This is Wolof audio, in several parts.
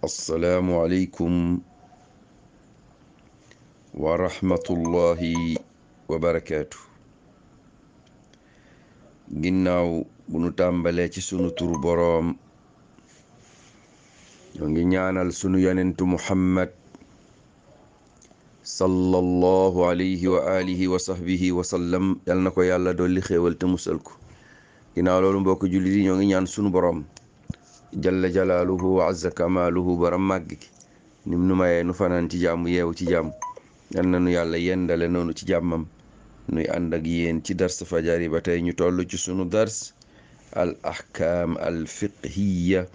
asalaamualeykum wa rahmatullahi wa barakaatu ginnaaw bu nu tàmbalee ci sunu turu boroom ñoo ngi ñaanal sunu yonentu muhammad sallallahu alayhi wa alihi wa sahbihi wa sallam yal na ko yàlla dolli xéewal te musal ko ginnaaw loolu mbokk julli yi ñoo ngi ñaan sunu boroom jalla jalaaluhu wa azza kamaaluhu baram màgg ki nim nu mayee nu fanaan ci jàmm yeewu ci jàmm yal nu yàlla yendale noonu ci jàmmam nuy ànd ak yéen ci dars fajar yi ba tey ñu toll ci sunu dars al ahkaam al fiqhiya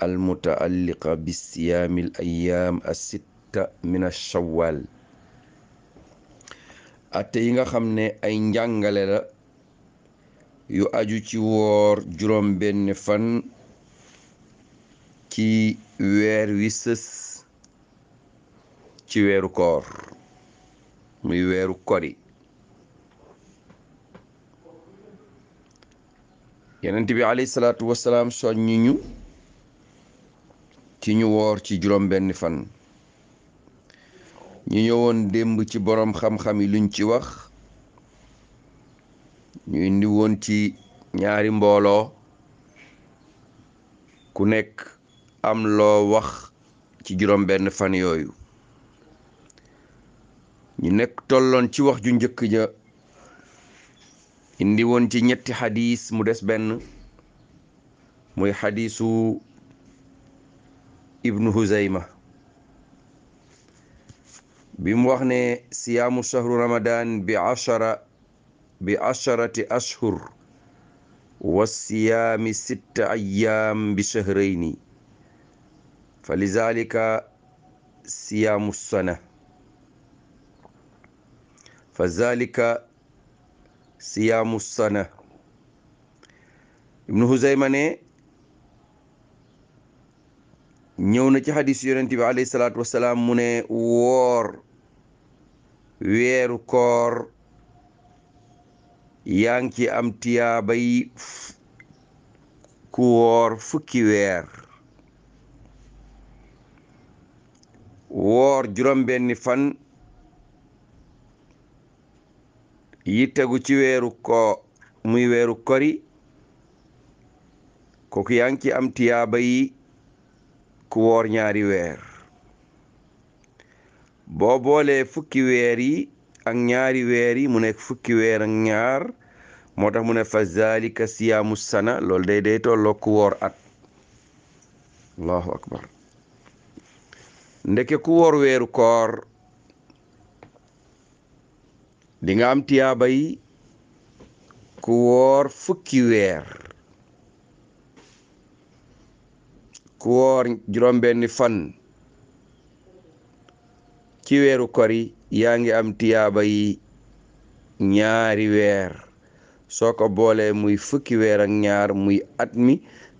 al mutaalliqa bi siyaami ayaam as min al shawal atte yi nga xam ne ay njàngale la yu aju ci woor juróom benn fan ci weer wi sës ci weeru koor muy weeru kori yenent bi alayhi salaatu wasalaam soññi ñu ci ñu woor ci juróom benn fan ñu ñëwoon démb ci boroom xam-xam yi luñ ci wax ñu indi woon ci ñaari mbooloo ku nekk am loo wax ci juróom benn fan yooyu ñu nekk tolloon ci wax ju njëkk ja indi woon ci ñetti xadis mu des benn muy xadisu ibnu huzayma bi wax ne siyaamu shahru ramadan bi ashara bi asharati ashhur wa siyaami sitta ayyaam bi shahrayni fa lizalika siyaamu sana fa siyaamu sana ibnu huzayma ne ñëw na ci xadiis yonente bi salaatu wasalaam mu ne woor weeru koor yaa ngi ci am tiyaabay ku woor fukki weer woor juróom-benni fan yi tegu ci weeru ko muy weeru kori kooku yaa ngi ci am tiyaaba yi ku woor ñaari weer boo fukki weer ak ñaari weer yi mu nekk fukki weer ak ñaar moo tax mu ne fa zalika siyaamu sana lool day day tolloo ku woor at ndeke ku woor weeru koor di nga am tiyaaba yi ku woor fukki weer ku woor juróom-benni fan ci weeru koor yaa ngi am tiyaaba yi ñaari weer soo ko boolee muy fukki weer ñaar muy at mi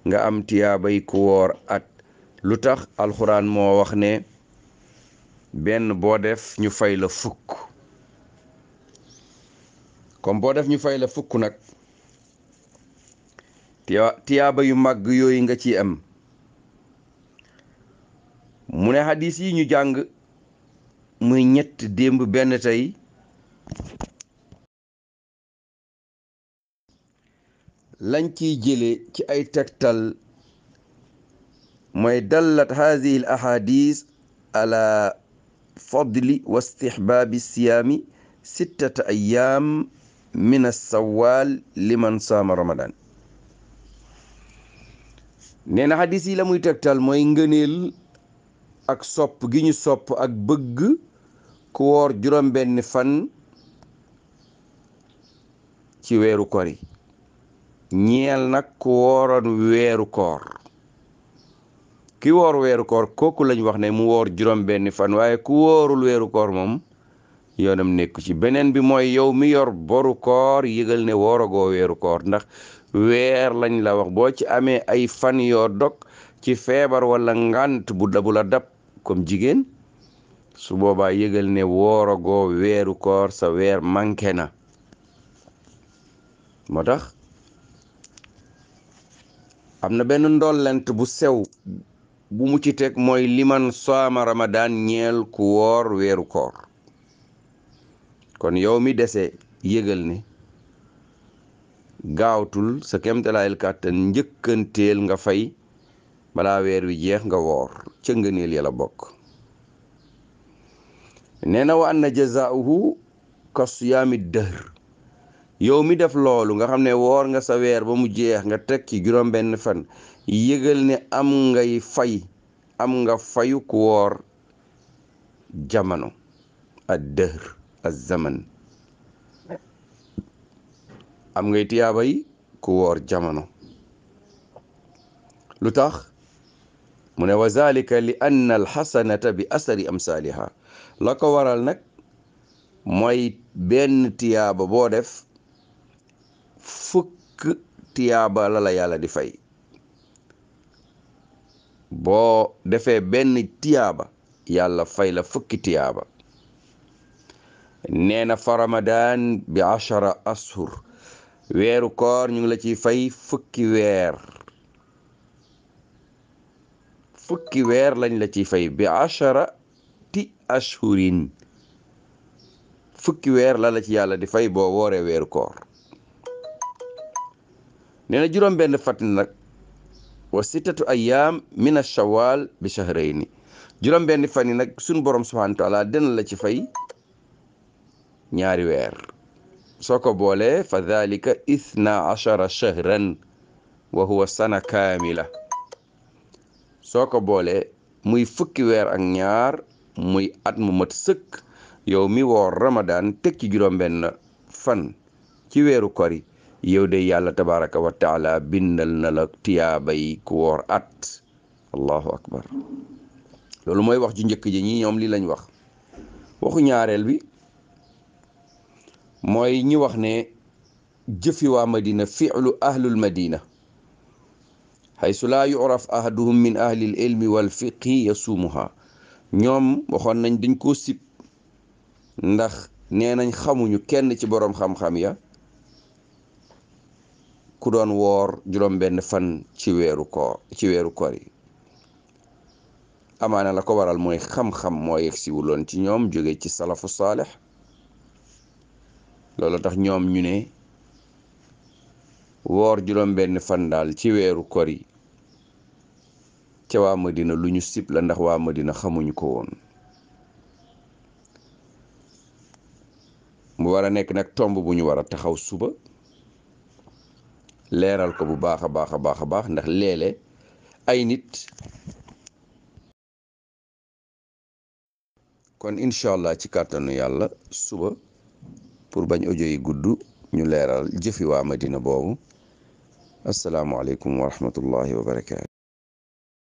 nga am tiyaaba yi ku woor at lu tax alxuraan moo wax ne benn boo def ñu fay la fukk comme boo def ñu fay la fukk nag tiyaaba yu màgg yooyu nga ci am mu ne xadis yi ñu jàng muy ñett démb benn tey lañ ciy jële ci ay tegtal mooy dallat haadihi al ahadis fadli wa istihbaabi siyaami sittata ayyaam min assawaal liman saama ramadaan nee na xadis la muy tegtal mooy ngëneel ak sopp giñu sopp ak bëgg ku woor juróom-benn fan ci weeru koor yi nag ku wooroon weeru koor ki woor weeru koor kooku lañ wax ne mu woor juróom-benni fan waaye ku woorul weeru koor moom yoonam nekku ci beneen bi mooy yow mi yor boru koor yëgal ne wooragoo weeru koor ndax weer lañ la wax boo ci amee ay fan yoo dog ci feebar wala ngant bu dabu dab comme jigéen su boobaa yëgal ne wooragoo weeru koor sa weer manqué na moo tax am na benn ndollent bu sew bu mu ci teg mooy liman soama ramadaan ñeel ku woor weeru koor kon yow mi dese yëgal ne gaawatul sa kemtalaayil kàttan njëkkanteel nga fay balaa weer wi jeex nga woor ca ngëneel ya bokk nee na wa anna jazaauhu ka siyaami dëhr yow mi def loolu nga xam ne woor nga sa weer ba mu jeex nga teg ci juróom benn fan yëgal ne am ngay fay am nga fayu ku jamono ad dëhr az zaman am ngay tiyaaba yi ku woor jamono lu tax mu ne wa zalika li anna alxasanata bi asari amsaaliha la ko waral nag mooy benn tiyaaba boo def fukk tiyaaba la yàlla di fay boo defee benn tiyaaba yàlla fay la fukki tiyaaba nee na fa ramadan bi achara weeru koor ñu la ciy fay fukki weer fukki lañ la ci fay bi achara ti ashhurin fukki weer la ci yàlla di fay boo wooree weeru koor nee juróom benn fatin wa sittatu ayyaam min ash bi shahrayni juróom benn fan yi nag suñu borom subhanahu wa taala dina la ci fay ñaari weer soo ko boolee fa dalika ithna achara shahran wa huwa sana kaamila soo ko boolee muy fukki weer ak ñaar muy at mu mat sëkk yow mi woor ramadan teg ci juróom benn fan ci weeru kori yow de yàlla tabaraka wa taala bindal na la tiyaaba ku woor at allahu akbar loolu mooy wax ju njëkk ji ñi ñoom li lañ wax waxu ñaareel bi mooy ñi wax ne jëfi waa madina fi'lu ahlul madina haysu laa yuraf ahaduhum min ahlil ilmi wal fiqhi yasuumuha ñoom waxoon nañ dañ koo sib ndax nee nañ xamuñu kenn ci boroom xam-xam ya ku doon woor juróom benn fan ci weeru koor ci amaana la ko waral mooy xam-xam moo yegsiwuloon ci ñoom jóge ci salafu saalix loolu tax ñoom ñu ne woor juróom benn fan daal ci weeru koor yi ca waa Madina lu ñu sib ndax waa dina xamuñu ko woon mu war a nekk nag tomb bu ñu war a taxaw suba leeral ko bu baax a baax a baax a baax ndax léeg ay nit kon incha allah ci kàttanu yàlla suba pour bañ audio gudd ñu leeral jëfi waa Madina boobu asalaamualeykum wa rahmatullahi wa barakaatu